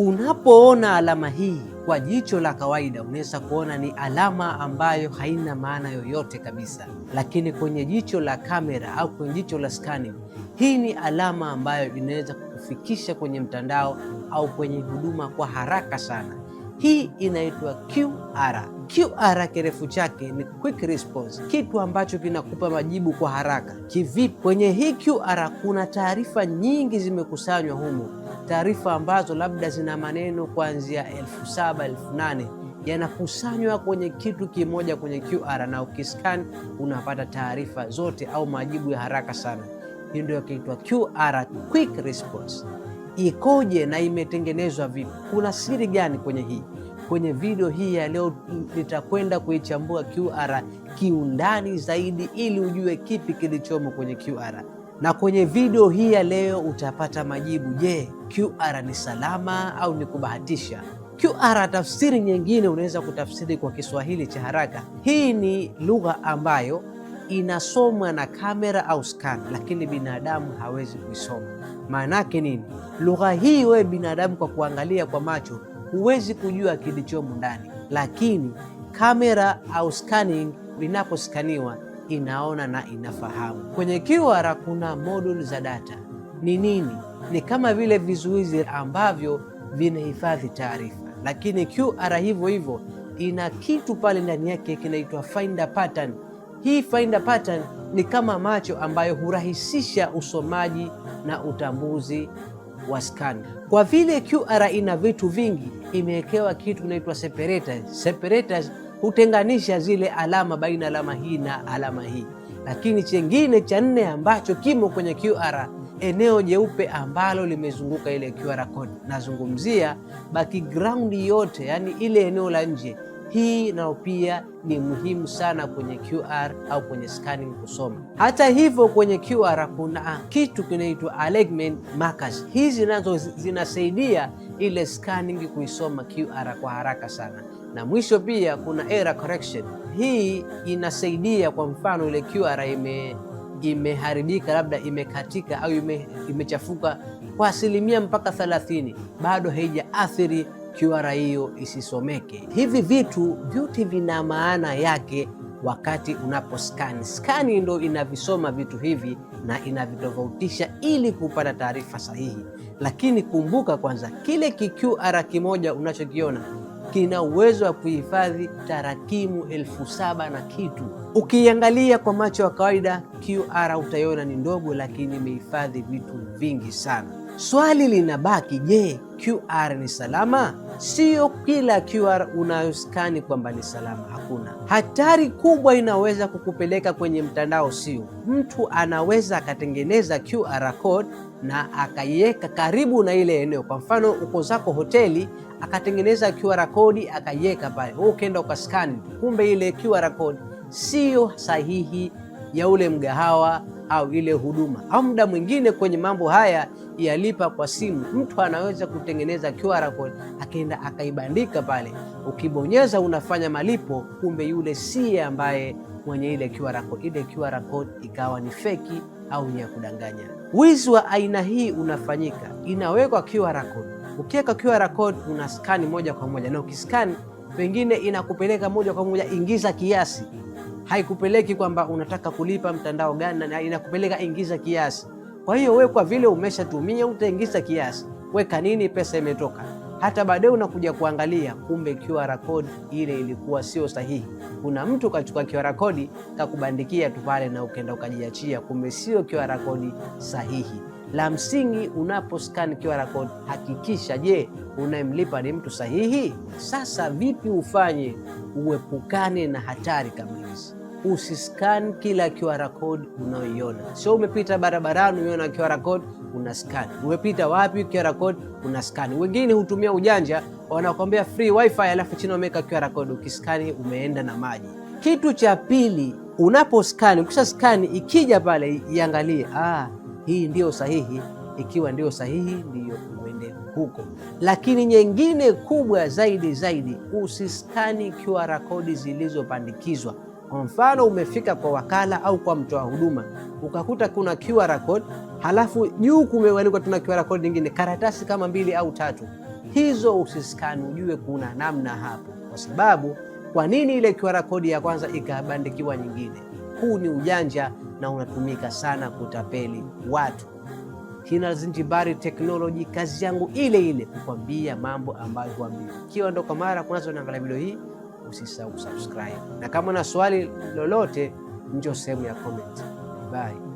Unapoona alama hii kwa jicho la kawaida unaweza kuona ni alama ambayo haina maana yoyote kabisa, lakini kwenye jicho la kamera au kwenye jicho la scanning, hii ni alama ambayo inaweza kukufikisha kwenye mtandao au kwenye huduma kwa haraka sana. Hii inaitwa QR. QR kirefu chake ni quick response, kitu ambacho kinakupa majibu kwa haraka. Kivipi? Kwenye hii QR kuna taarifa nyingi zimekusanywa humo taarifa ambazo labda zina maneno kuanzia elfu saba elfu nane yanakusanywa kwenye kitu kimoja kwenye QR na ukiskan unapata taarifa zote au majibu ya haraka sana. Hii ndio kinaitwa QR, quick response. Ikoje na imetengenezwa vipi? Kuna siri gani kwenye hii? Kwenye video hii ya leo nitakwenda kuichambua QR kiundani zaidi, ili ujue kipi kilichomo kwenye QR na kwenye video hii ya leo utapata majibu. Je, QR ni salama au ni kubahatisha? QR tafsiri nyingine unaweza kutafsiri kwa Kiswahili cha haraka. Hii ni lugha ambayo inasomwa na kamera au scan, lakini binadamu hawezi kuisoma. yake nini? Lugha hii wewe binadamu kwa kuangalia kwa macho huwezi kujua kilichomo ndani, lakini kamera au scanning inaposkaniwa inaona na inafahamu. Kwenye QR kuna moduli za data. Ni nini? Ni kama vile vizuizi ambavyo vinahifadhi taarifa, lakini QR hivyo hivyo ina kitu pale ndani yake kinaitwa finder pattern. Hii finder pattern ni kama macho ambayo hurahisisha usomaji na utambuzi wa scan. Kwa vile QR ina vitu vingi, imewekewa kitu kinaitwa separators. Separators hutenganisha zile alama baina alama hii na alama hii. Lakini chengine cha nne ambacho kimo kwenye QR, eneo jeupe ambalo limezunguka ile QR code, nazungumzia background yote, yani ile eneo la nje. Hii nayo pia ni muhimu sana kwenye QR au kwenye scanning kusoma. Hata hivyo, kwenye QR kuna kitu kinaitwa alignment markers. Hizi nazo zinasaidia ile scanning kuisoma QR kwa haraka sana. Na mwisho pia kuna error correction. Hii inasaidia kwa mfano ile QR ime imeharibika labda imekatika au ime, imechafuka kwa asilimia mpaka 30, bado haija athiri QR hiyo isisomeke. Hivi vitu vyote vina maana yake wakati unaposkani. Skani ndo inavisoma vitu hivi na inavitofautisha ili kupata taarifa sahihi. Lakini kumbuka kwanza, kile kiqr kimoja unachokiona kina uwezo wa kuhifadhi tarakimu elfu saba na kitu. Ukiangalia kwa macho ya kawaida QR utaiona ni ndogo, lakini imehifadhi vitu vingi sana. Swali linabaki, je, QR ni salama? Sio kila QR unayoskani kwamba ni salama, hakuna. Hatari kubwa inaweza kukupeleka kwenye mtandao, sio mtu anaweza akatengeneza QR code na akaiweka karibu na ile eneo. Kwa mfano, uko zako hoteli, akatengeneza QR code akaiweka pale, wewe ukaenda ukaskani, kumbe ile QR code siyo sahihi ya ule mgahawa au ile huduma, au muda mwingine kwenye mambo haya ya lipa kwa simu, mtu anaweza kutengeneza QR code akaenda akaibandika pale, ukibonyeza unafanya malipo, kumbe yule si ambaye mwenye ile QR code, ile QR code ikawa ni feki au ni ya kudanganya. Wizi wa aina hii unafanyika, inawekwa QR code. Ukiweka QR code skani moja kwa moja, na ukiskani pengine inakupeleka moja kwa moja, ingiza kiasi haikupeleki kwamba unataka kulipa mtandao gani, na inakupeleka ingiza kiasi. Kwa hiyo wewe kwa vile umeshatumia utaingiza kiasi, weka nini, pesa imetoka. Hata baadaye unakuja kuangalia, kumbe QR code ile ilikuwa sio sahihi. Kuna mtu kachukua QR code kakubandikia tu pale, na ukenda ukajiachia, kumbe sio QR code sahihi. La msingi unapo scan QR code hakikisha, je, unayemlipa ni mtu sahihi? Sasa vipi ufanye uepukane na hatari kama hizi? Usiscan kila QR code unaoiona. Sio umepita barabarani umeona QR code una scan, umepita wapi QR code una scan. Wengine hutumia ujanja, wanakuambia free wifi, alafu chini wameweka QR code, ukiskani umeenda na maji. Kitu cha pili unapo scan, ukisha scan ikija pale iangalie ah hii ndiyo sahihi. Ikiwa ndiyo sahihi, ndiyo uende huko. Lakini nyingine kubwa zaidi zaidi, usiskani QR kodi zilizopandikizwa. Kwa mfano, umefika kwa wakala au kwa mtoa huduma ukakuta kuna QR code, halafu juu kumeandikwa tuna QR code nyingine, karatasi kama mbili au tatu, hizo usiskani, ujue kuna namna hapo, kwa sababu kwa nini ile QR kodi ya kwanza ikabandikiwa nyingine? Huu ni ujanja na unatumika sana kutapeli watu. Hina Zinjibari Technology, kazi yangu ile ile kukwambia mambo ambayo huambii. Ikiwa ndo kwa mara kunazo naangalia video hii, usisahau kusubscribe, na kama na swali lolote, njo sehemu ya comment. Bye.